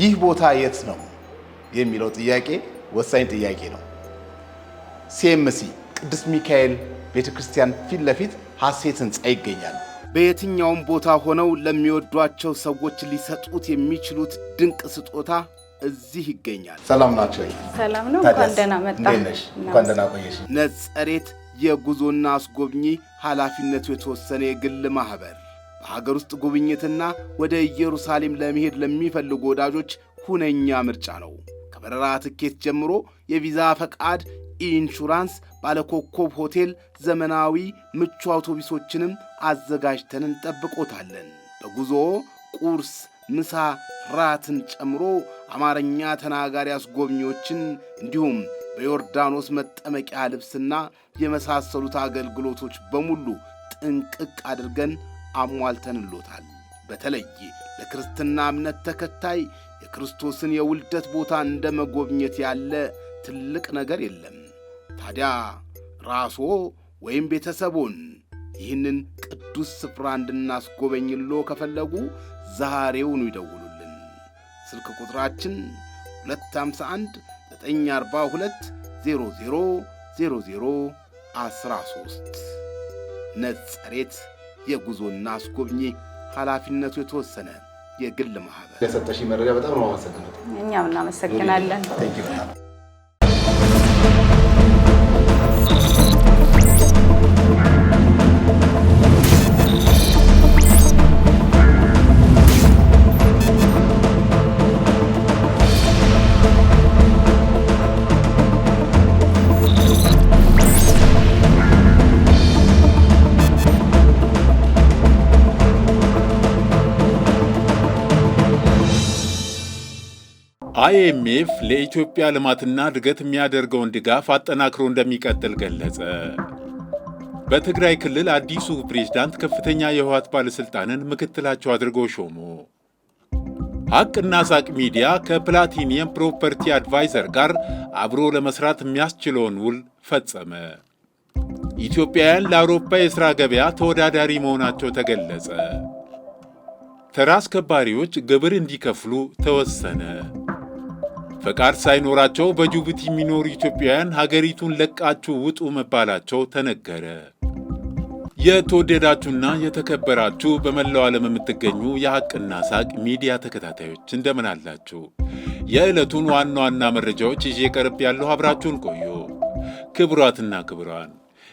ይህ ቦታ የት ነው የሚለው ጥያቄ ወሳኝ ጥያቄ ነው። ሲኤምሲ ቅዱስ ሚካኤል ቤተክርስቲያን ፊት ለፊት ሐሴት ሕንፃ ይገኛል። በየትኛውም ቦታ ሆነው ለሚወዷቸው ሰዎች ሊሰጡት የሚችሉት ድንቅ ስጦታ እዚህ ይገኛል። ሰላም ናቸው። ሰላም ነው። እንኳን ደህና እንኳን ደህና ቆየሽ። ነጸሬት የጉዞና አስጎብኚ ኃላፊነቱ የተወሰነ የግል ማህበር በሀገር ውስጥ ጉብኝትና ወደ ኢየሩሳሌም ለመሄድ ለሚፈልጉ ወዳጆች ሁነኛ ምርጫ ነው። ከበረራ ትኬት ጀምሮ የቪዛ ፈቃድ፣ ኢንሹራንስ፣ ባለኮከብ ሆቴል፣ ዘመናዊ ምቹ አውቶቡሶችንም አዘጋጅተን እንጠብቆታለን። በጉዞ ቁርስ፣ ምሳ፣ ራትን ጨምሮ አማርኛ ተናጋሪ አስጎብኚዎችን እንዲሁም በዮርዳኖስ መጠመቂያ ልብስና የመሳሰሉት አገልግሎቶች በሙሉ ጥንቅቅ አድርገን አሟልተንሎታል። በተለይ ለክርስትና እምነት ተከታይ የክርስቶስን የውልደት ቦታ እንደ መጎብኘት ያለ ትልቅ ነገር የለም። ታዲያ ራስዎ ወይም ቤተሰቦን ይህንን ቅዱስ ስፍራ እንድናስጎበኝሎ ከፈለጉ ዛሬውኑ ይደውሉልን። ስልክ ቁጥራችን 251 942 13 ነጸሬት የጉዞና አስጎብኚ ኃላፊነቱ የተወሰነ የግል ማህበር። ለሰጠሽ መረጃ በጣም ነው አመሰግናለሁ። እኛም እናመሰግናለን። አይኤምኤፍ ለኢትዮጵያ ልማትና እድገት የሚያደርገውን ድጋፍ አጠናክሮ እንደሚቀጥል ገለጸ። በትግራይ ክልል አዲሱ ፕሬዝዳንት ከፍተኛ የህወሓት ባለሥልጣንን ምክትላቸው አድርጎ ሾሙ። ሐቅና ሳቅ ሚዲያ ከፕላቲኒየም ፕሮፐርቲ አድቫይዘር ጋር አብሮ ለመስራት የሚያስችለውን ውል ፈጸመ። ኢትዮጵያውያን ለአውሮፓ የሥራ ገበያ ተወዳዳሪ መሆናቸው ተገለጸ። ተራ አስከባሪዎች ግብር እንዲከፍሉ ተወሰነ። ፈቃድ ሳይኖራቸው በጅቡቲ የሚኖሩ ኢትዮጵያውያን ሀገሪቱን ለቃችሁ ውጡ መባላቸው ተነገረ። የተወደዳችሁና የተከበራችሁ በመላው ዓለም የምትገኙ የሐቅና ሳቅ ሚዲያ ተከታታዮች እንደምን አላችሁ? የዕለቱን ዋና ዋና መረጃዎች ይዤ ቀርብ ያለሁ አብራችሁን ቆዩ። ክቡራትና ክቡራን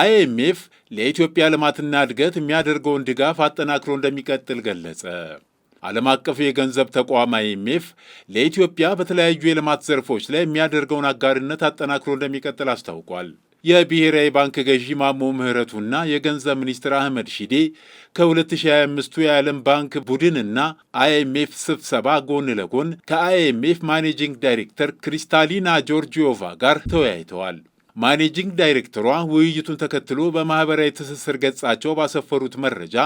አይኤምኤፍ ለኢትዮጵያ ልማትና እድገት የሚያደርገውን ድጋፍ አጠናክሮ እንደሚቀጥል ገለጸ። ዓለም አቀፉ የገንዘብ ተቋም አይኤምኤፍ ለኢትዮጵያ በተለያዩ የልማት ዘርፎች ላይ የሚያደርገውን አጋርነት አጠናክሮ እንደሚቀጥል አስታውቋል። የብሔራዊ ባንክ ገዢ ማሞ ምህረቱና የገንዘብ ሚኒስትር አህመድ ሺዴ ከ2025ቱ የዓለም ባንክ ቡድንና አይኤምኤፍ ስብሰባ ጎን ለጎን ከአይኤምኤፍ ማኔጂንግ ዳይሬክተር ክሪስታሊና ጆርጂዮቫ ጋር ተወያይተዋል። ማኔጂንግ ዳይሬክተሯ ውይይቱን ተከትሎ በማኅበራዊ ትስስር ገጻቸው ባሰፈሩት መረጃ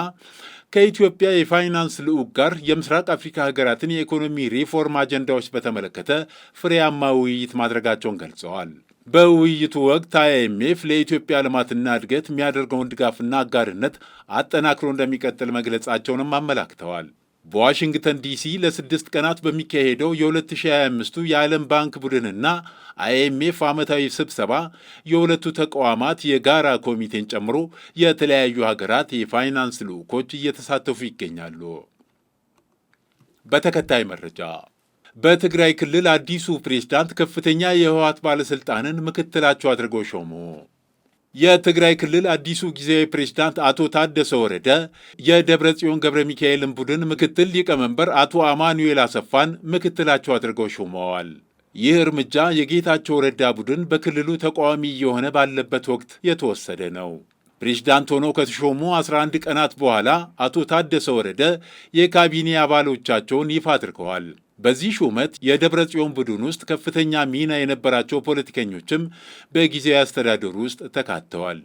ከኢትዮጵያ የፋይናንስ ልዑክ ጋር የምስራቅ አፍሪካ ሀገራትን የኢኮኖሚ ሪፎርም አጀንዳዎች በተመለከተ ፍሬያማ ውይይት ማድረጋቸውን ገልጸዋል። በውይይቱ ወቅት አይኤምኤፍ ለኢትዮጵያ ልማትና እድገት የሚያደርገውን ድጋፍና አጋርነት አጠናክሮ እንደሚቀጥል መግለጻቸውንም አመላክተዋል። በዋሽንግተን ዲሲ ለስድስት ቀናት በሚካሄደው የ2025ቱ የዓለም ባንክ ቡድንና አይኤምኤፍ ዓመታዊ ስብሰባ የሁለቱ ተቋማት የጋራ ኮሚቴን ጨምሮ የተለያዩ ሀገራት የፋይናንስ ልዑኮች እየተሳተፉ ይገኛሉ። በተከታይ መረጃ በትግራይ ክልል አዲሱ ፕሬዝዳንት ከፍተኛ የህወሓት ባለሥልጣንን ምክትላቸው አድርገው ሾሙ። የትግራይ ክልል አዲሱ ጊዜያዊ ፕሬዝዳንት አቶ ታደሰ ወረደ የደብረ ጽዮን ገብረ ሚካኤልን ቡድን ምክትል ሊቀመንበር አቶ አማኑኤል አሰፋን ምክትላቸው አድርገው ሾመዋል። ይህ እርምጃ የጌታቸው ረዳ ቡድን በክልሉ ተቃዋሚ እየሆነ ባለበት ወቅት የተወሰደ ነው። ፕሬዝዳንት ሆኖ ከተሾሙ 11 ቀናት በኋላ አቶ ታደሰ ወረደ የካቢኔ አባሎቻቸውን ይፋ አድርገዋል። በዚህ ሹመት የደብረ ጽዮን ቡድን ውስጥ ከፍተኛ ሚና የነበራቸው ፖለቲከኞችም በጊዜያዊ አስተዳደሩ ውስጥ ተካተዋል።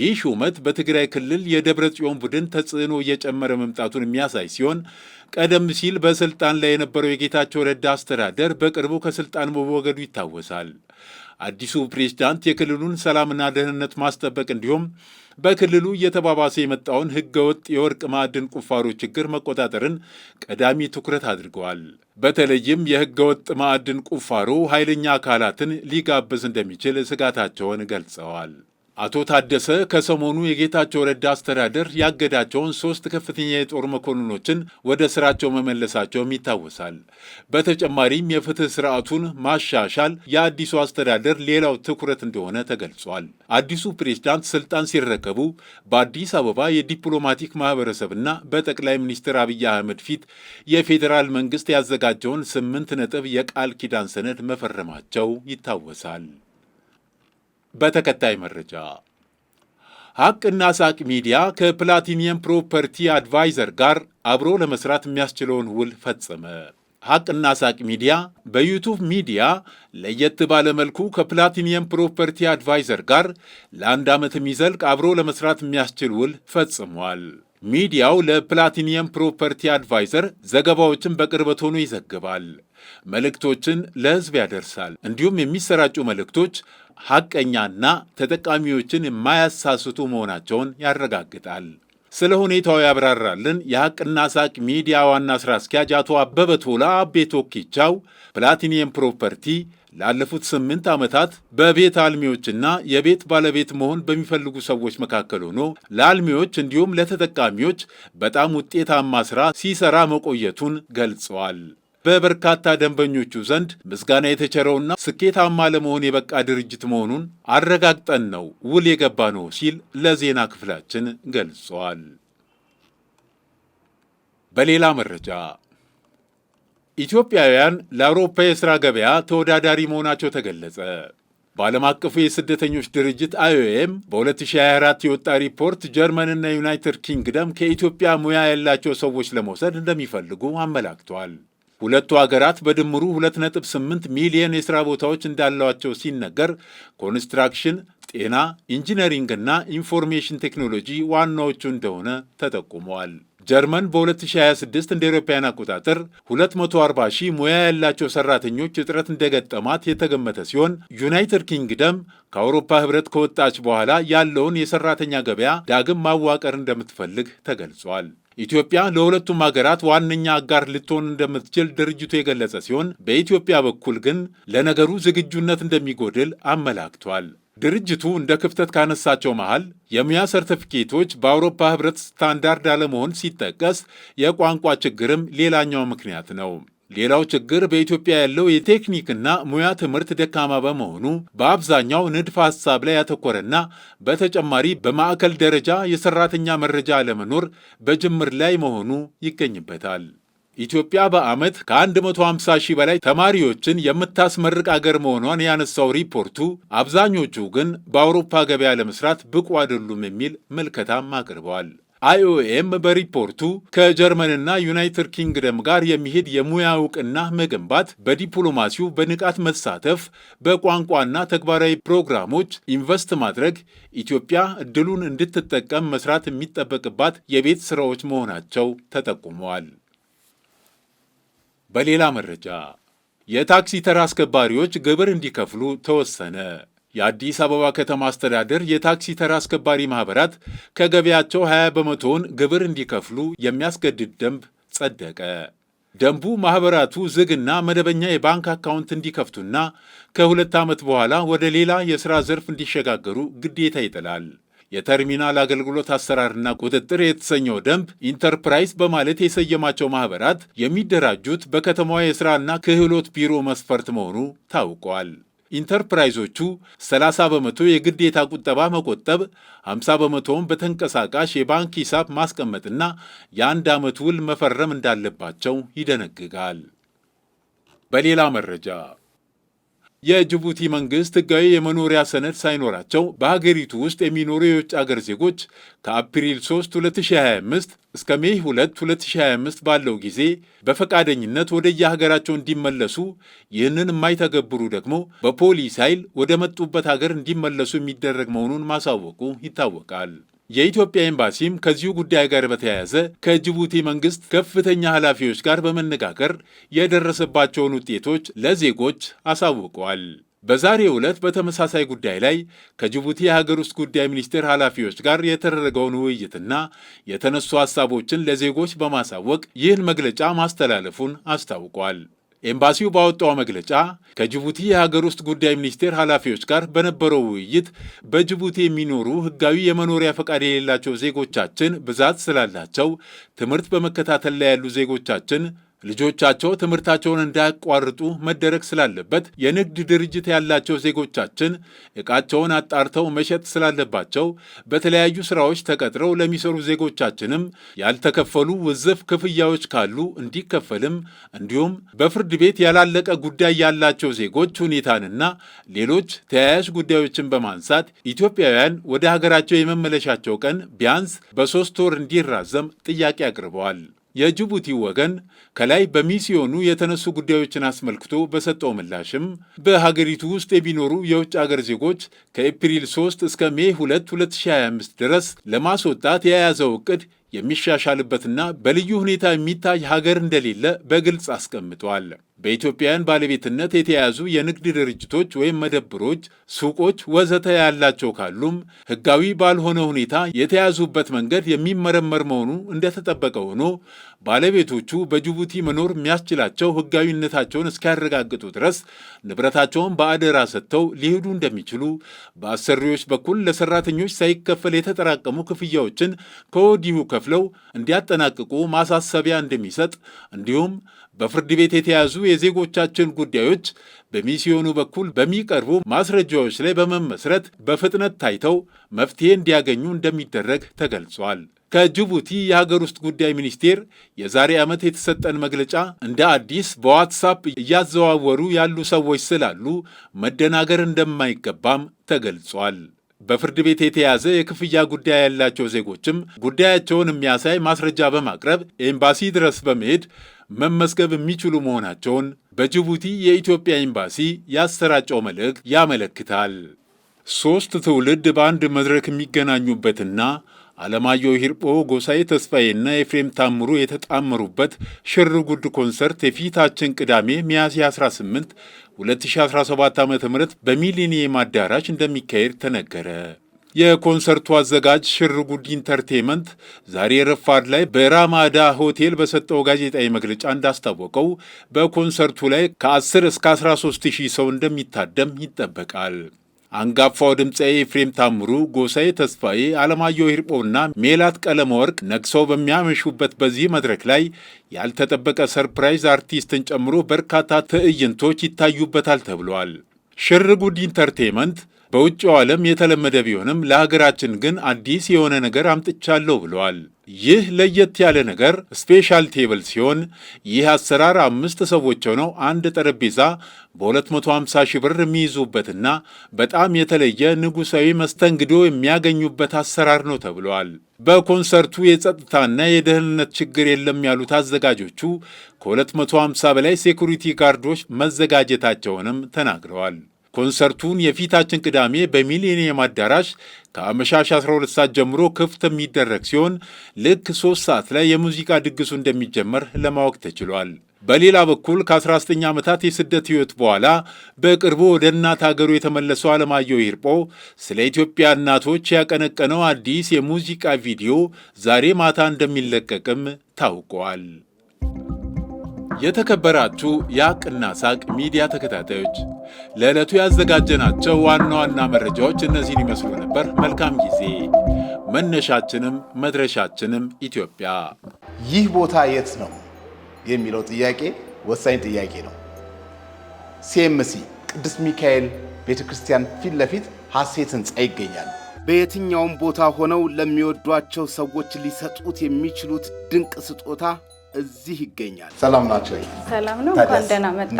ይህ ሹመት በትግራይ ክልል የደብረ ጽዮን ቡድን ተጽዕኖ እየጨመረ መምጣቱን የሚያሳይ ሲሆን ቀደም ሲል በስልጣን ላይ የነበረው የጌታቸው ረዳ አስተዳደር በቅርቡ ከስልጣን መወገዱ ይታወሳል። አዲሱ ፕሬዝዳንት የክልሉን ሰላምና ደህንነት ማስጠበቅ እንዲሁም በክልሉ እየተባባሰ የመጣውን ህገወጥ የወርቅ ማዕድን ቁፋሮ ችግር መቆጣጠርን ቀዳሚ ትኩረት አድርገዋል። በተለይም የህገወጥ ማዕድን ቁፋሮ ኃይለኛ አካላትን ሊጋብዝ እንደሚችል ስጋታቸውን ገልጸዋል። አቶ ታደሰ ከሰሞኑ የጌታቸው ረዳ አስተዳደር ያገዳቸውን ሶስት ከፍተኛ የጦር መኮንኖችን ወደ ስራቸው መመለሳቸውም ይታወሳል። በተጨማሪም የፍትህ ስርዓቱን ማሻሻል የአዲሱ አስተዳደር ሌላው ትኩረት እንደሆነ ተገልጿል። አዲሱ ፕሬዝዳንት ስልጣን ሲረከቡ በአዲስ አበባ የዲፕሎማቲክ ማህበረሰብና በጠቅላይ ሚኒስትር አብይ አህመድ ፊት የፌዴራል መንግስት ያዘጋጀውን ስምንት ነጥብ የቃል ኪዳን ሰነድ መፈረማቸው ይታወሳል። በተከታይ መረጃ ሐቅና ሳቅ ሚዲያ ከፕላቲኒየም ፕሮፐርቲ አድቫይዘር ጋር አብሮ ለመስራት የሚያስችለውን ውል ፈጸመ። ሐቅና ሳቅ ሚዲያ በዩቱብ ሚዲያ ለየት ባለመልኩ ከፕላቲኒየም ፕሮፐርቲ አድቫይዘር ጋር ለአንድ ዓመት የሚዘልቅ አብሮ ለመስራት የሚያስችል ውል ፈጽሟል። ሚዲያው ለፕላቲኒየም ፕሮፐርቲ አድቫይዘር ዘገባዎችን በቅርበት ሆኖ ይዘግባል። መልእክቶችን ለሕዝብ ያደርሳል። እንዲሁም የሚሰራጩ መልእክቶች ሐቀኛና ተጠቃሚዎችን የማያሳስቱ መሆናቸውን ያረጋግጣል። ስለ ሁኔታው ያብራራልን የሐቅና ሳቅ ሚዲያ ዋና ሥራ አስኪያጅ አቶ አበበ ቶላ ቤቶኪቻው ፕላቲኒየም ፕሮፐርቲ ላለፉት ስምንት ዓመታት በቤት አልሚዎችና የቤት ባለቤት መሆን በሚፈልጉ ሰዎች መካከል ሆኖ ለአልሚዎች እንዲሁም ለተጠቃሚዎች በጣም ውጤታማ ሥራ ሲሰራ መቆየቱን ገልጸዋል። በበርካታ ደንበኞቹ ዘንድ ምስጋና የተቸረውና ስኬታማ ለመሆን የበቃ ድርጅት መሆኑን አረጋግጠን ነው ውል የገባ ነው ሲል ለዜና ክፍላችን ገልጿል። በሌላ መረጃ ኢትዮጵያውያን ለአውሮፓ የሥራ ገበያ ተወዳዳሪ መሆናቸው ተገለጸ። በዓለም አቀፉ የስደተኞች ድርጅት አይኦኤም በ2024 የወጣ ሪፖርት ጀርመንና ዩናይትድ ኪንግደም ከኢትዮጵያ ሙያ ያላቸው ሰዎች ለመውሰድ እንደሚፈልጉ አመላክቷል። ሁለቱ አገራት በድምሩ 2.8 ሚሊየን የሥራ ቦታዎች እንዳሏቸው ሲነገር ኮንስትራክሽን፣ ጤና፣ ኢንጂነሪንግ እና ኢንፎርሜሽን ቴክኖሎጂ ዋናዎቹ እንደሆነ ተጠቁመዋል። ጀርመን በ2026 እንደ አውሮፓውያን አቆጣጠር 240 ሺህ ሙያ ያላቸው ሰራተኞች እጥረት እንደገጠማት የተገመተ ሲሆን ዩናይትድ ኪንግደም ከአውሮፓ ህብረት ከወጣች በኋላ ያለውን የሰራተኛ ገበያ ዳግም ማዋቀር እንደምትፈልግ ተገልጿል። ኢትዮጵያ ለሁለቱም ሀገራት ዋነኛ አጋር ልትሆን እንደምትችል ድርጅቱ የገለጸ ሲሆን በኢትዮጵያ በኩል ግን ለነገሩ ዝግጁነት እንደሚጎድል አመላክቷል። ድርጅቱ እንደ ክፍተት ካነሳቸው መሃል የሙያ ሰርተፊኬቶች በአውሮፓ ሕብረት ስታንዳርድ አለመሆን ሲጠቀስ የቋንቋ ችግርም ሌላኛው ምክንያት ነው። ሌላው ችግር በኢትዮጵያ ያለው የቴክኒክና ሙያ ትምህርት ደካማ በመሆኑ በአብዛኛው ንድፈ ሐሳብ ላይ ያተኮረና በተጨማሪ በማዕከል ደረጃ የሰራተኛ መረጃ አለመኖር በጅምር ላይ መሆኑ ይገኝበታል። ኢትዮጵያ በዓመት ከ150 ሺህ በላይ ተማሪዎችን የምታስመርቅ አገር መሆኗን ያነሳው ሪፖርቱ አብዛኞቹ ግን በአውሮፓ ገበያ ለመስራት ብቁ አይደሉም የሚል ምልከታም አቅርበዋል። አይኦኤም በሪፖርቱ ከጀርመንና ዩናይትድ ኪንግደም ጋር የሚሄድ የሙያ እውቅና መገንባት፣ በዲፕሎማሲው በንቃት መሳተፍ፣ በቋንቋና ተግባራዊ ፕሮግራሞች ኢንቨስት ማድረግ ኢትዮጵያ እድሉን እንድትጠቀም መስራት የሚጠበቅባት የቤት ስራዎች መሆናቸው ተጠቁመዋል። በሌላ መረጃ የታክሲ ተራ አስከባሪዎች ግብር እንዲከፍሉ ተወሰነ። የአዲስ አበባ ከተማ አስተዳደር የታክሲ ተራ አስከባሪ ማኅበራት ከገቢያቸው 20 በመቶውን ግብር እንዲከፍሉ የሚያስገድድ ደንብ ጸደቀ። ደንቡ ማኅበራቱ ዝግና መደበኛ የባንክ አካውንት እንዲከፍቱና ከሁለት ዓመት በኋላ ወደ ሌላ የሥራ ዘርፍ እንዲሸጋገሩ ግዴታ ይጥላል። የተርሚናል አገልግሎት አሰራርና ቁጥጥር የተሰኘው ደንብ ኢንተርፕራይዝ በማለት የሰየማቸው ማኅበራት የሚደራጁት በከተማዋ የሥራና ክህሎት ቢሮ መስፈርት መሆኑ ታውቋል። ኢንተርፕራይዞቹ 30 በመቶ የግዴታ ቁጠባ መቆጠብ፣ 50 በመቶውን በተንቀሳቃሽ የባንክ ሂሳብ ማስቀመጥና የአንድ ዓመት ውል መፈረም እንዳለባቸው ይደነግጋል። በሌላ መረጃ የጅቡቲ መንግስት ህጋዊ የመኖሪያ ሰነድ ሳይኖራቸው በሀገሪቱ ውስጥ የሚኖሩ የውጭ አገር ዜጎች ከአፕሪል 3 2025 እስከ ሜይ 2 2025 ባለው ጊዜ በፈቃደኝነት ወደየሀገራቸው እንዲመለሱ፣ ይህንን የማይተገብሩ ደግሞ በፖሊስ ኃይል ወደ መጡበት ሀገር እንዲመለሱ የሚደረግ መሆኑን ማሳወቁ ይታወቃል። የኢትዮጵያ ኤምባሲም ከዚሁ ጉዳይ ጋር በተያያዘ ከጅቡቲ መንግስት ከፍተኛ ኃላፊዎች ጋር በመነጋገር የደረሰባቸውን ውጤቶች ለዜጎች አሳውቀዋል። በዛሬ ዕለት በተመሳሳይ ጉዳይ ላይ ከጅቡቲ የሀገር ውስጥ ጉዳይ ሚኒስቴር ኃላፊዎች ጋር የተደረገውን ውይይትና የተነሱ ሐሳቦችን ለዜጎች በማሳወቅ ይህን መግለጫ ማስተላለፉን አስታውቋል። ኤምባሲው ባወጣው መግለጫ ከጅቡቲ የሀገር ውስጥ ጉዳይ ሚኒስቴር ኃላፊዎች ጋር በነበረው ውይይት በጅቡቲ የሚኖሩ ህጋዊ የመኖሪያ ፈቃድ የሌላቸው ዜጎቻችን ብዛት ስላላቸው ትምህርት በመከታተል ላይ ያሉ ዜጎቻችን ልጆቻቸው ትምህርታቸውን እንዳያቋርጡ መደረግ ስላለበት፣ የንግድ ድርጅት ያላቸው ዜጎቻችን ዕቃቸውን አጣርተው መሸጥ ስላለባቸው፣ በተለያዩ ስራዎች ተቀጥረው ለሚሰሩ ዜጎቻችንም ያልተከፈሉ ውዝፍ ክፍያዎች ካሉ እንዲከፈልም እንዲሁም በፍርድ ቤት ያላለቀ ጉዳይ ያላቸው ዜጎች ሁኔታንና ሌሎች ተያያዥ ጉዳዮችን በማንሳት ኢትዮጵያውያን ወደ ሀገራቸው የመመለሻቸው ቀን ቢያንስ በሶስት ወር እንዲራዘም ጥያቄ አቅርበዋል። የጅቡቲ ወገን ከላይ በሚስዮኑ የተነሱ ጉዳዮችን አስመልክቶ በሰጠው ምላሽም በሀገሪቱ ውስጥ የሚኖሩ የውጭ አገር ዜጎች ከኤፕሪል 3 እስከ ሜ 2 2025 ድረስ ለማስወጣት የያዘው እቅድ የሚሻሻልበትና በልዩ ሁኔታ የሚታይ ሀገር እንደሌለ በግልጽ አስቀምጧል። በኢትዮጵያውያን ባለቤትነት የተያዙ የንግድ ድርጅቶች ወይም መደብሮች፣ ሱቆች ወዘተ ያላቸው ካሉም ሕጋዊ ባልሆነ ሁኔታ የተያዙበት መንገድ የሚመረመር መሆኑ እንደተጠበቀ ሆኖ ባለቤቶቹ በጅቡቲ መኖር የሚያስችላቸው ሕጋዊነታቸውን እስኪያረጋግጡ ድረስ ንብረታቸውን በአደራ ሰጥተው ሊሄዱ እንደሚችሉ፣ በአሰሪዎች በኩል ለሰራተኞች ሳይከፈል የተጠራቀሙ ክፍያዎችን ከወዲሁ ከፍለው እንዲያጠናቅቁ ማሳሰቢያ እንደሚሰጥ እንዲሁም በፍርድ ቤት የተያዙ የዜጎቻችን ጉዳዮች በሚስዮኑ በኩል በሚቀርቡ ማስረጃዎች ላይ በመመስረት በፍጥነት ታይተው መፍትሄ እንዲያገኙ እንደሚደረግ ተገልጿል። ከጅቡቲ የሀገር ውስጥ ጉዳይ ሚኒስቴር የዛሬ ዓመት የተሰጠን መግለጫ እንደ አዲስ በዋትሳፕ እያዘዋወሩ ያሉ ሰዎች ስላሉ መደናገር እንደማይገባም ተገልጿል። በፍርድ ቤት የተያዘ የክፍያ ጉዳይ ያላቸው ዜጎችም ጉዳያቸውን የሚያሳይ ማስረጃ በማቅረብ ኤምባሲ ድረስ በመሄድ መመዝገብ የሚችሉ መሆናቸውን በጅቡቲ የኢትዮጵያ ኤምባሲ ያሰራጨው መልእክት ያመለክታል። ሦስት ትውልድ በአንድ መድረክ የሚገናኙበትና አለማየሁ ሂርጶ፣ ጎሳዬ ተስፋዬና ኤፍሬም ታምሩ የተጣመሩበት ሽር ጉድ ኮንሰርት የፊታችን ቅዳሜ ሚያዝያ 18 2017 ዓ ም በሚሊኒየም አዳራሽ እንደሚካሄድ ተነገረ። የኮንሰርቱ አዘጋጅ ሽርጉድ ኢንተርቴንመንት ዛሬ ረፋድ ላይ በራማዳ ሆቴል በሰጠው ጋዜጣዊ መግለጫ እንዳስታወቀው በኮንሰርቱ ላይ ከ10 እስከ 13 ሺህ ሰው እንደሚታደም ይጠበቃል። አንጋፋው ድምፃዊ ኤፍሬም ታምሩ፣ ጎሳዬ ተስፋዬ፣ አለማየሁ ሂርጶና ሜላት ወርቅ ነግሰው በሚያመሹበት በዚህ መድረክ ላይ ያልተጠበቀ ሰርፕራይዝ አርቲስትን ጨምሮ በርካታ ትዕይንቶች ይታዩበታል ተብሏል። ሽርጉድ ኢንተርቴንመንት። በውጭው ዓለም የተለመደ ቢሆንም ለሀገራችን ግን አዲስ የሆነ ነገር አምጥቻለሁ ብለዋል። ይህ ለየት ያለ ነገር ስፔሻል ቴብል ሲሆን ይህ አሰራር አምስት ሰዎች ሆነው አንድ ጠረጴዛ በ250 ሺህ ብር የሚይዙበትና በጣም የተለየ ንጉሳዊ መስተንግዶ የሚያገኙበት አሰራር ነው ተብለዋል። በኮንሰርቱ የጸጥታና የደህንነት ችግር የለም ያሉት አዘጋጆቹ ከ250 በላይ ሴኩሪቲ ጋርዶች መዘጋጀታቸውንም ተናግረዋል። ኮንሰርቱን የፊታችን ቅዳሜ በሚሊኒየም አዳራሽ ከአመሻሽ 12 ሰዓት ጀምሮ ክፍት የሚደረግ ሲሆን ልክ 3 ሰዓት ላይ የሙዚቃ ድግሱ እንደሚጀመር ለማወቅ ተችሏል። በሌላ በኩል ከ19 ዓመታት የስደት ሕይወት በኋላ በቅርቡ ወደ እናት አገሩ የተመለሰው አለማየሁ ይርጶ ስለ ኢትዮጵያ እናቶች ያቀነቀነው አዲስ የሙዚቃ ቪዲዮ ዛሬ ማታ እንደሚለቀቅም ታውቋል። የተከበራችሁ የአቅና ሳቅ ሚዲያ ተከታታዮች ለዕለቱ ያዘጋጀናቸው ዋና ዋና መረጃዎች እነዚህን ይመስሉ ነበር። መልካም ጊዜ። መነሻችንም መድረሻችንም ኢትዮጵያ። ይህ ቦታ የት ነው የሚለው ጥያቄ ወሳኝ ጥያቄ ነው። ሲኤምሲ ቅዱስ ሚካኤል ቤተ ክርስቲያን ፊት ለፊት ሐሴት ሕንፃ ይገኛል። በየትኛውም ቦታ ሆነው ለሚወዷቸው ሰዎች ሊሰጡት የሚችሉት ድንቅ ስጦታ እዚህ ይገኛል። ሰላም ናቸው። ሰላም ነው። እንኳን ደህና መጣ።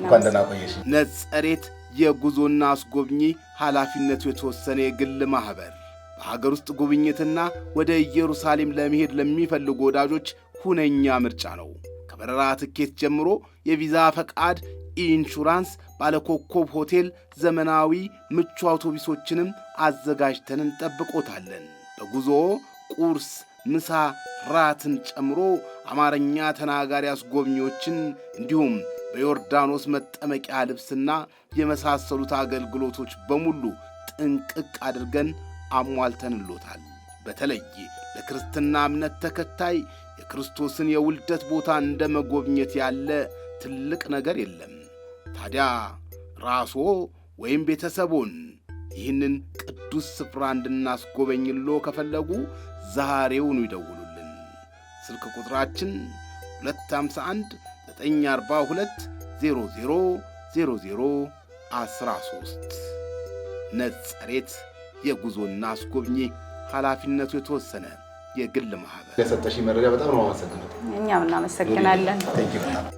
እንኳን ደህና ቆየሽ። ነጸሬት የጉዞና አስጎብኚ ኃላፊነቱ የተወሰነ የግል ማኅበር በሀገር ውስጥ ጉብኝትና ወደ ኢየሩሳሌም ለመሄድ ለሚፈልጉ ወዳጆች ሁነኛ ምርጫ ነው። ከበረራ ትኬት ጀምሮ የቪዛ ፈቃድ፣ ኢንሹራንስ፣ ባለኮከብ ሆቴል፣ ዘመናዊ ምቹ አውቶቡሶችንም አዘጋጅተን እንጠብቆታለን። በጉዞ ቁርስ ምሳ፣ ራትን ጨምሮ አማርኛ ተናጋሪ አስጎብኚዎችን እንዲሁም በዮርዳኖስ መጠመቂያ ልብስና የመሳሰሉት አገልግሎቶች በሙሉ ጥንቅቅ አድርገን አሟልተንሎታል። በተለይ ለክርስትና እምነት ተከታይ የክርስቶስን የውልደት ቦታ እንደ መጎብኘት ያለ ትልቅ ነገር የለም። ታዲያ ራስዎ ወይም ቤተሰቦን ይህንን ቅዱስ ስፍራ እንድናስጎበኝሎ ከፈለጉ ዛሬውኑ ይደውሉልን። ስልክ ቁጥራችን 251 942 00 13 ነጸሬት የጉዞና አስጎብኚ ኃላፊነቱ የተወሰነ የግል ማህበር። ለሰጠሽ መረጃ በጣም ነው አመሰግናለሁ። እኛም እናመሰግናለን።